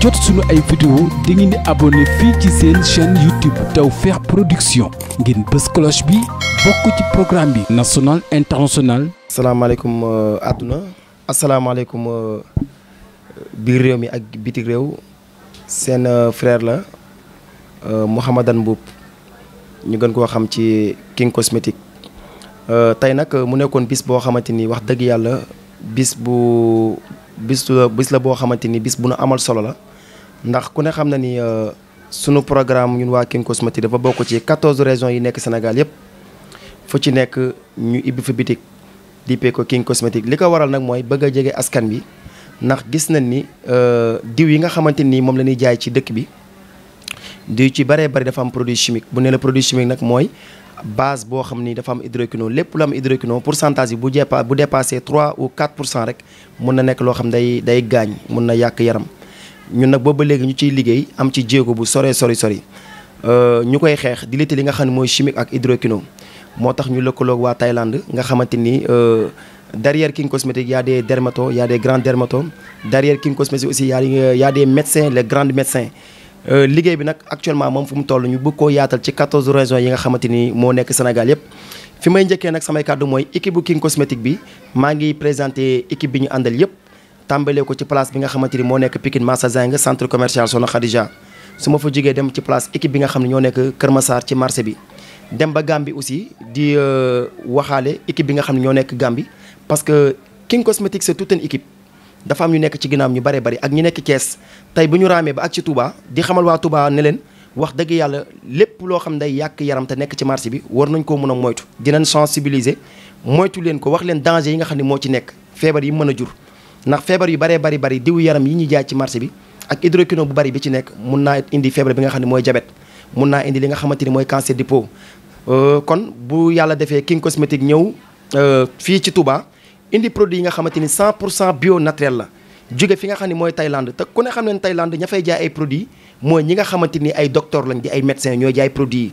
jot suñu ay vidéo da ngeen di abonné fii ci seen chaîne YouTube Tawfekh Production ngir bës cloche bi bokk ci programme bi national international asalaamaaleykum euh, àdduna asalaamaaleykum euh, biir réew mi ak biti réew seen euh, frère la Mouhamadane Mboup ñu gën koo xam ci King Cosmétique tey nag mu nekkoon bis boo xamante ni wax dëgg yàlla bis bu bis la bis la boo xamante ni bis bu nu amal solo la ndax ku ne xam na ni euh, sunu programme ñun waa King Cosmétique dafa bokk ci 14 régions yi nekk Sénégal yépp fu ci nekk ñu ibbi fa bitik dippee ko King Cosmétique li ko waral nag mooy bëgg a jege askan bi ndax gis nañ ni euh, diw yi nga xamante ni moom la ñuy jaay ci dëkk bi diw ci bëree bëri dafa am produit chimique bu ne la produit chimique nag mooy base boo xam ni dafa am hydroquinone lépp lu am hydroquinone pourcentage yi bu jéppa bu dépassé 3 ou 4 pour cent rek mun na nekk loo xam day day gaañ mun na yàq yaram ñun nag boobu ba léegi ñu ciy liggéey am ci jéego bu sore sori sori euh, ñu koy xeex di litti li nga xam ne mooy chimique ak hydroquinone moo tax ñu lëkkaloog waa Thaïlande nga xamante ni euh, derrière King Cosmétique y a des dermatos y a des grands dermatos derrière King Cosmétique aussi y a y a des médecins les grands médecins euh, liggéey bi nag actuellement moom fu mu toll ñu bëgg koo yaatal ci 14 régions yi nga xamante ni moo nekk Sénégal yëpp fi may njëkkee nag samay kàddu mooy équipe bu King Cosmétique bi maa ngi présenté équipe bi ñu àndal yëpp tàmbalee ko ci place bi nga xamante ni moo nekk Pikine Massa Zeng centre commercial Soxna Khadija su ma fa jógee dem ci place équipe bi nga xam ne ñoo nekk Kër Massar ci marché bi dem ba Gambie aussi di euh, waxaale équipe bi nga xam ne ñoo nekk Gambie parce que King Cosmétique c'est toute une équipe dafa am ñu nekk ci ginnaaw ñu bëree bëri ak ñu nekk Thiès tey bu ñu raamee ba ak ci Touba di xamal waa Touba ne leen wax dëgg yàlla lépp loo xam day yàq yaram te nekk ci marché bi war nañ koo mën a moytu dinañ sensibiliser moytu leen ko wax leen danger yi nga xam ne moo ci nekk feebar yi mën a jur ndax feebar yu bare bari bari diw yaram yi ñuy jaay ci marché bi ak hydroquinone bu bari bi ci nekk mun naa indi feebar bi nga xam ne mooy diabète mun naa indi li nga xamante ni mooy cancer du peau euh, kon bu yàlla defee King Cosmétique ñëw euh, fii ci Touba indi produit yi nga xamante ni 100 pour cent bio naturel la jóge fi nga xam ni mooy Thaïlande te ku ne xam ne Thaïlande ña fay jaay ay produits mooy ñi nga xamante ni ay docteur lañ di ay médecins ñooy jaay produits yi.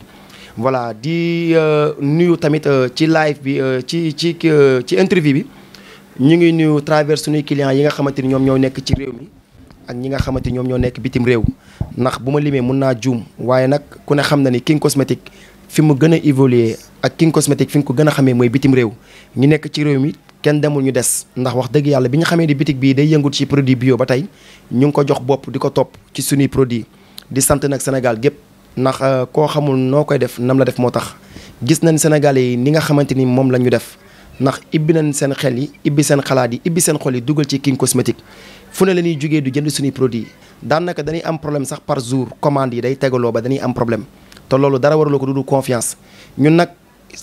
voilà di euh, nuyu tamit ci live bi ci ci ci interview bi. ñu ngi nuyu travers suñuy clients yi nga xamante ni ñoom ñoo nekk ci réew mi ak ñi nga xamante ñoom ñoo nekk bitim réew ndax bu ma limee mun naa juum waaye nag ku ne xam na ni King Cosmétique fi mu gën a évoluer ak King Cosmétique fi nga ko gën a xamee mooy bitim réew ñu nekk ci réew mi kenn demul ñu des ndax wax dëgg yàlla bi ñu xamee ni bitik bii day yëngut ci produit bio ba tey ñu ngi ko jox bopp di ko topp ci suñuy produit di sant nag Sénégal gépp ndax euh, koo xamul noo koy def nam la def moo tax gis nañ Sénégalais yi ni nga xamante ni moom la ñu def ndax ibbi nañ seen xel yi ibbi seen xalaat yi ibbi seen xol yi dugal ci King Cosmétique fu ne la ñuy jugee du jënd suñuy produit daanaka dañuy am problème sax par jour commande yi day tegaloo ba dañuy am problème te loolu dara waraloo ko du confiance ñun nag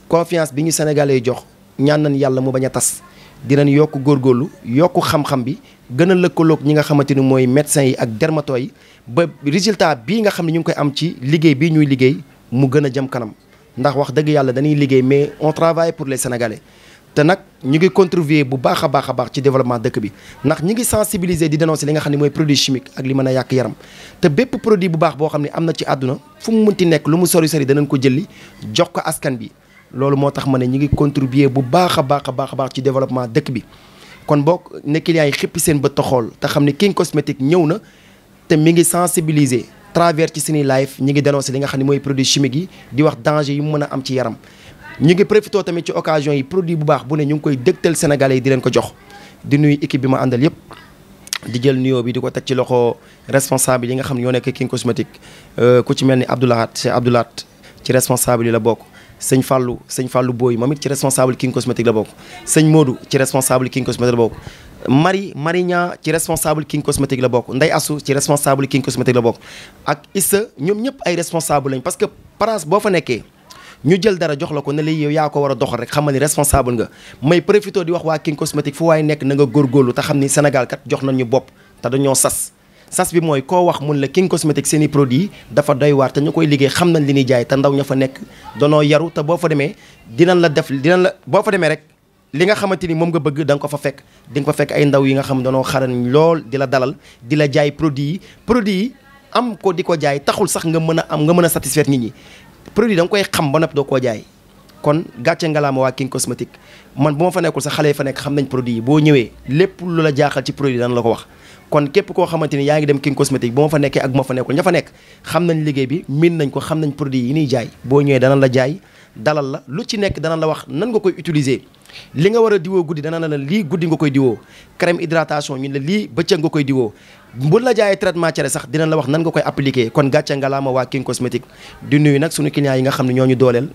confiance bi ñu sénégalais jox ñaan nañ yàlla mu bañ a tas dinañ yokk góor góorlu yokk xam-xam bi gën a lëkkaloog ñi nga xamante ni mooy médecins yi ak dermato yi ba résultat bii nga xam ne ñu ngi koy am ci liggéey bii ñuy liggéey mu gën a jëm kanam ndax wax dëgg yàlla dañuy liggéey mais on travaille pour les sénégalais te nag ñu ngi contribuer bu baax a baax a baax ci développement dëkk bi ndax ñu ngi sensibiliser di dénoncer li nga xam ne mooy produit li mën a yàq yaram te bépp produit bu baax boo xam ne am na ci àdduna fu mu mënti nekk lu mu sori sori danañ ko jëli jox ko askan bi loolu moo tax ma ne ñu ngi contribuer bu baax a baax a baax baax ci développement dëkk bi kon boog ne clients yi xippi seen bët xool xam ne King Cosmétique ñëw na te mi ngi sensibiliser travers ci seeni live ñu ngi dénoncer li nga xam ne mooy produit chimique yi di wax danger yi mu mën a am ci yaram ñu ngi profité tamit ci occasion yi produit bu baax bu ne ñu ngi koy dégtal sénégalais yi di leen ko jox di nuyu équipe bi ma àndal yëpp di jël nuyoo bi di ko teg ci loxo responsable yi nga xam ne ñoo nekk King Cosmétique euh, ku ci mel ni Abdoulahat Cheikh Abdoulahat ci responsable yi la bokk sëñ Fallou sëñ Fallou Boy moom it ci responsable King Cosmétique la bokk sëñ Modou ci responsable King Cosmétique la bokk Marie Marignan ci responsable King Cosmétique la bokk Ndey Assou ci responsable King Cosmétique la bokk ak Issa ñoom ñëpp ay responsable parce que place boo fa nekkee ñu jël dara jox la ko ne la yow yaa ko war a doxal rek xamal ni responsable nga may profité di wax waa King Cosmétique fu waaye nekk na nga góorgóorlu te xam ni Sénégal kat jox ñu bopp te dañoo sas sas bi mooy koo wax mun la King Cosmétique seen i produits dafa doy waar te ñu koy liggéey xam nañ li ñuy jaay te ndaw ña fa nekk danoo yaru te boo fa demee dinañ la def di nan la boo fa demee rek li nga xamante ni moom nga bëgg danga ko fa fekk di nga fa fekk ndaw yi nga xam danoo xarañ lool di la dalal di la jaay produit yi produit yi am ko di ko jaay taxul sax nga mën a am nga mën a satisfaire nit ñi produit da nga koy xam ba noppi doo koo jaay kon gàcce ngalaama waa King Cosmétique man bu ma fa nekkul sa xale yi fa nekk xam nañ produit yi boo ñëwee lépp lu la jaaxal ci produit dana la ko wax kon képp koo xamante ni yaa ngi dem King Cosmétique bu ma fa nekkee ak bu ma fa nekkul ña fa nekk xam nañ liggéey bi miin nañ ko xam nañ produit yi ñuy jaay boo ñëwee dana la jaay dalal la lu ci nekk dana la wax nan nga koy utiliser li nga war a diwoo guddi dana na la lii guddi nga koy diwoo crème hydratation ñu ne lii bëccëg nga koy diwoo bu la jaayee traitement cere sax dina la wax nan nga koy appliquer kon gàcce nga laa ma waa King Cosmétique di nuyu nag suñu clients yi nga xam ne ñoo ñu dooleel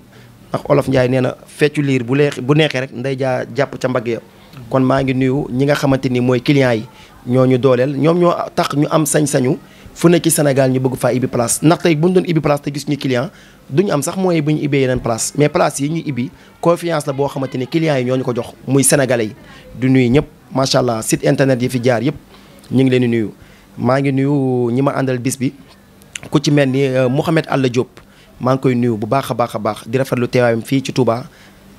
ndax olof Ndiaye nee na feccu liir bu lee bu neexee rek nday jàpp ca mbagg ya kon maa ngi nuyu ñi nga xamante ni mooy clients yi ñoo ñu dooleel ñoom ñoo tax ñu am sañ-sañu fu ne ci Sénégal ñu bëgg faa ibi place ndax bu ñu doon ibi place te gis ñu client duñu am sax mooy bu ñu ibee yeneen place mais place yi ñuy ibi confiance la boo xamante ne clients yi ñoo ñu ko jox muy sénégalais yi du nuyu ñëpp macha allah site internet yi fi jaar yëpp ñu ngi leen di nuyu. maa ngi nuyu ñi ma àndal bis bi ku ci mel ni euh, Mouhamed Alla Diop maa ngi koy nuyu bu baax a baax a baax di rafetlu teewaayam fii ci Touba.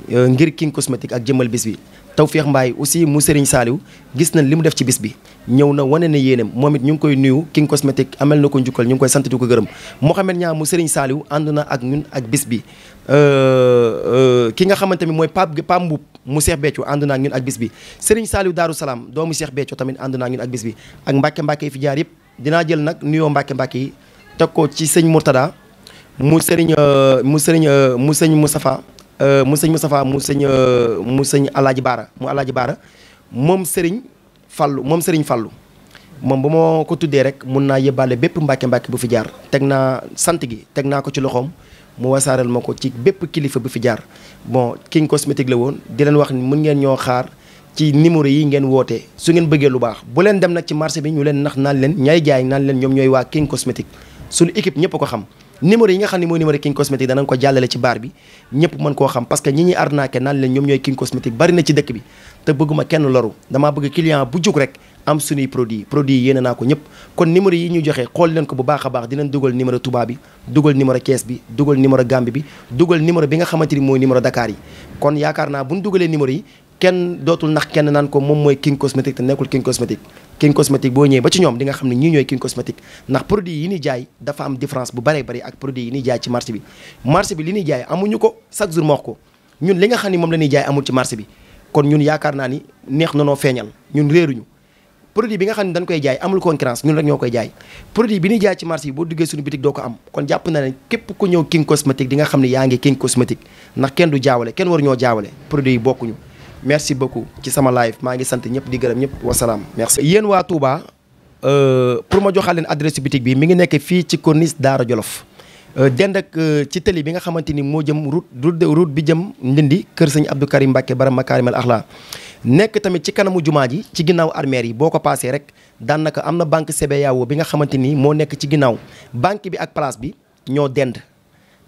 Euh, ngir King Cosmétique ak jëmmal bis bi Tawfekh Mbaye aussi mu Serigne Saliou gis nañ li mu def ci bis bi ñëw na wane na yéenam moom it ñu ngi koy nuyu King Cosmétique amel na ko njukkal ñu ngi koy sant di ko gërëm Mohamed Niang mu Serigne Saliou ànd na ak ñun ak bis bi euh, euh, ki nga xamante ni mooy Pape Pape Mboup mu Cheikh Béthio ànd na ak ñun ak bis bi Serigne Saliou Darou Salaam doomu Cheikh tamit ànd na ak ñun ak bis bi ak Mbàkke Mbàkke yi fi jaar yëpp dinaa jël nag nuyoo Mbàkke Mbàkke yi teg ko ci sëñ Mourtada mu Serigne mu Serigne mu sëñ Euh, mu sëñ Moustapha mu sëñ euh, mu sëñ Alaaji Baara mu Alaaji Baara moom Serigne Fallou moom Serigne Fallou moom bu ma ko tuddee rek mun naa yebale bépp mbàkke-mbàkke bu fi jaar teg naa sant gi teg naa ko ci loxoom mu wasaareel ma ko ci bépp kilifa bu fi jaar bon King Cosmétique la woon di leen wax ni mun ngeen ñoo xaar ci numéro yi ngeen woote su ngeen bëggee lu baax bu leen dem nag ci marché bi ñu leen nax naan leen ñay jaay naan leen ñoom ñooy waa King Cosmétique suñu équipe ñëpp ko xam numéro yi nga xam ne mooy numéro King Cosmétique danañ ko jàllale ci baar bi ñëpp mën koo xam parce que ñi ñuy arnaqué naan leen ñoom ñooy King Cosmétique bari na ci dëkk bi te bëgguma kenn loru damaa bëgg client bu jug rek am suñuy produit produit yi yéene naa ko ñëpp kon numéro yi ñu joxe xool leen ko bu baax a baax dinañ dugal numéro tubaab bi dugal numéro Thiès bi dugal numéro Gambie bi dugal numéro bi nga xamante ni mooy numéro Dakar kon yaakaar naa buñ dugalee numéro yi kenn dootul nax kenn naan ko moom mooy king cosmétique te nekkul king cosmétique king cosmétique boo ñëwee ba ci ñoom di nga xam ne ñii ñooy king cosmétique ndax am différence bu bëree bëri ak produit li ni jaay amuñu ko chaque jour ma wax ko ñun li nga xam ne moom la ñuy jaay amul ci na noo feeñal ñun réeruñu produit bi nga xam ne koy jaay amul concurrence ñun rek ñoo koy jaay produit bi ñuy jaay ci marché bi boo duggee suñu bitik doo am ne képp ku ñëw king cosmétique di kenn du jaawale kenn war ñoo jaawale produit yi bokkuñu merci beaucoup ci sama live maa ngi sant ñëpp di gërëm ñëpp wasalaam merci. yéen waa Touba euh, pour ma joxal leen adresse boutique bi mi ngi nekk fii ci corniche Daara Jolof euh, dend ak euh, ci tëli bi nga xamante ni moo jëm route route bi jëm Ndindi kër sëñ Abdou Karim Mbacke Baram Makarimal Axlaa nekk tamit ci kanamu jumaa ji ci ginnaaw armeer yi boo ko paasee rek daanaka am na banque CBAO bi nga xamante ni moo nekk ci ginnaaw banque bi ak place bi ñoo dend.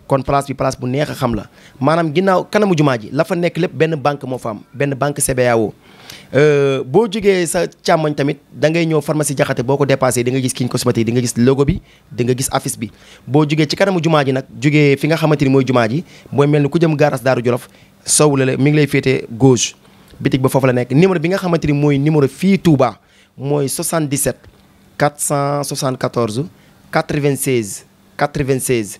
kon place bi place bu neex a xam la maanaam ginnaaw kanamu jumaa ji la fa nekk lépp benn banque moo fa am benn banque CBAO euh, boo jógee sa càmmoñ tamit da ngay ñëw pharmacie jaxate boo ko dépassé di nga gis kiñ cosmétique di nga gis logo bi di nga gis affiche bi boo jógee ci kanamu jumaa ji nag jógee fi nga xamante ni mooy jumaa ji mooy mel ni ku jëm gaaras daaru jolof sow la mi ngi lay féetee gauche bitig ba foofu la nekk numéro bi nga xamante ni mooy numéro fii Touba mooy 77 474 96 96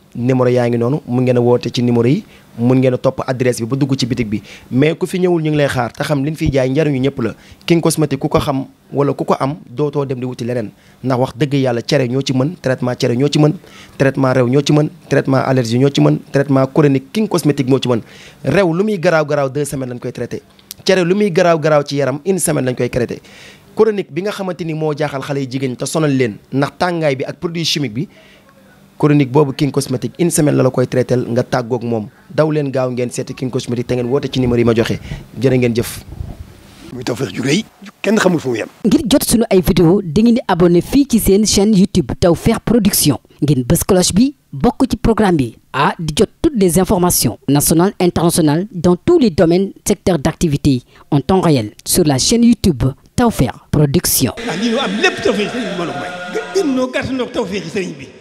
numéro yaa ngi noonu mun ngeen woote ci numéro yi mun ngeen a topp adresse bi ba dugg ci bitig bi mais ku fi ñëwul ñu ngi lay xaar te xam liñ fiy jaay njariñu ñëpp la King Cosmétique ku ko xam wala ku ko am dootoo dem di wuti leneen ndax wax dëgg yàlla cere ñoo ci mën traitement cere ñoo ci mën traitement rew ñoo ci mën traitement allergie ñoo ci mën traitement chronique King Cosmétique moo ci mën rew lu muy garaaw garaaw deux koy traité cere lu muy garaaw garaaw ci yaram une semaine lañ koy traité chronique bi nga xamante ni moo jaaxal xale yi jigéen leen ndax tàngaay bi ak produit chimique bi chronique boobu King Cosmétique une semaine la la koy traiteel nga tàggoog moom daw leen gaaw ngeen seeti King Cosmétique te ngeen woote ci numéro yi ma joxe jërë ngeen jëf. muy Tawfekh jugee kenn xamul fu mu ngir jot sunu ay vidéo dangeen di abonné fii ci seen chaîne YouTube Tawfekh Production ngeen bës bi bokk ci programme bi ah di jot toutes les informations nationales internationales dans tous les domaines secteurs d'activité en temps réel sur la chaîne YouTube Tawfekh ah, a may. gën